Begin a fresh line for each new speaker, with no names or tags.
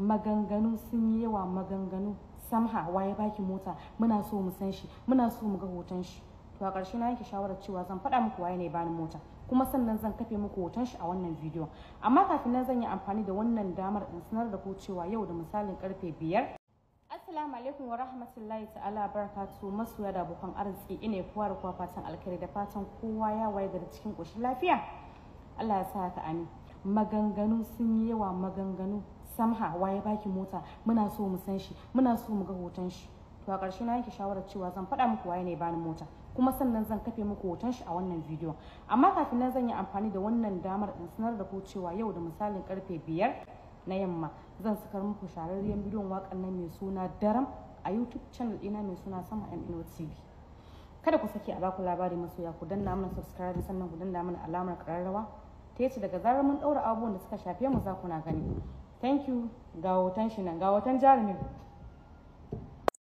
maganganu sun yi yawa maganganu samha waye baki mota muna so mu san shi muna so mu ga hoton shi to a ƙarshe na yanke shawarar cewa zan faɗa muku waye ne bani mota kuma sannan zan kafe muku hoton shi a wannan bidiyo. amma kafin nan zan yi amfani da wannan damar in sanar da ku cewa yau da misalin karfe biyar Assalamu alaikum wa rahmatullahi ta'ala barakatu masoya da abokan arziki ina kowa da kowa fatan alkhairi da fatan kowa ya waye gari cikin ƙoshin lafiya Allah ya sa ka amin maganganu sun yi yawa maganganu samha waye baki mota muna so mu san shi muna so mu ga hoton shi to a ƙarshe na yake shawarar cewa zan faɗa muku waye ne bani mota kuma sannan zan kafe muku hoton shi a wannan bidiyon amma kafin nan zan yi amfani da wannan damar in sanar da ku cewa yau da misalin karfe biyar na yamma zan sakar muku shahararren bidiyon waƙar nan mai suna daram a youtube channel ɗina mai suna sama mno tv kada ku saki a baku labari masoya ku danna mana subscribe sannan ku danna mana alamar ƙararrawa ta yace daga zarar mun ɗaura abubuwan da suka shafe mu za ku na gani thank you ga hoton shi nan ga hoton jarumin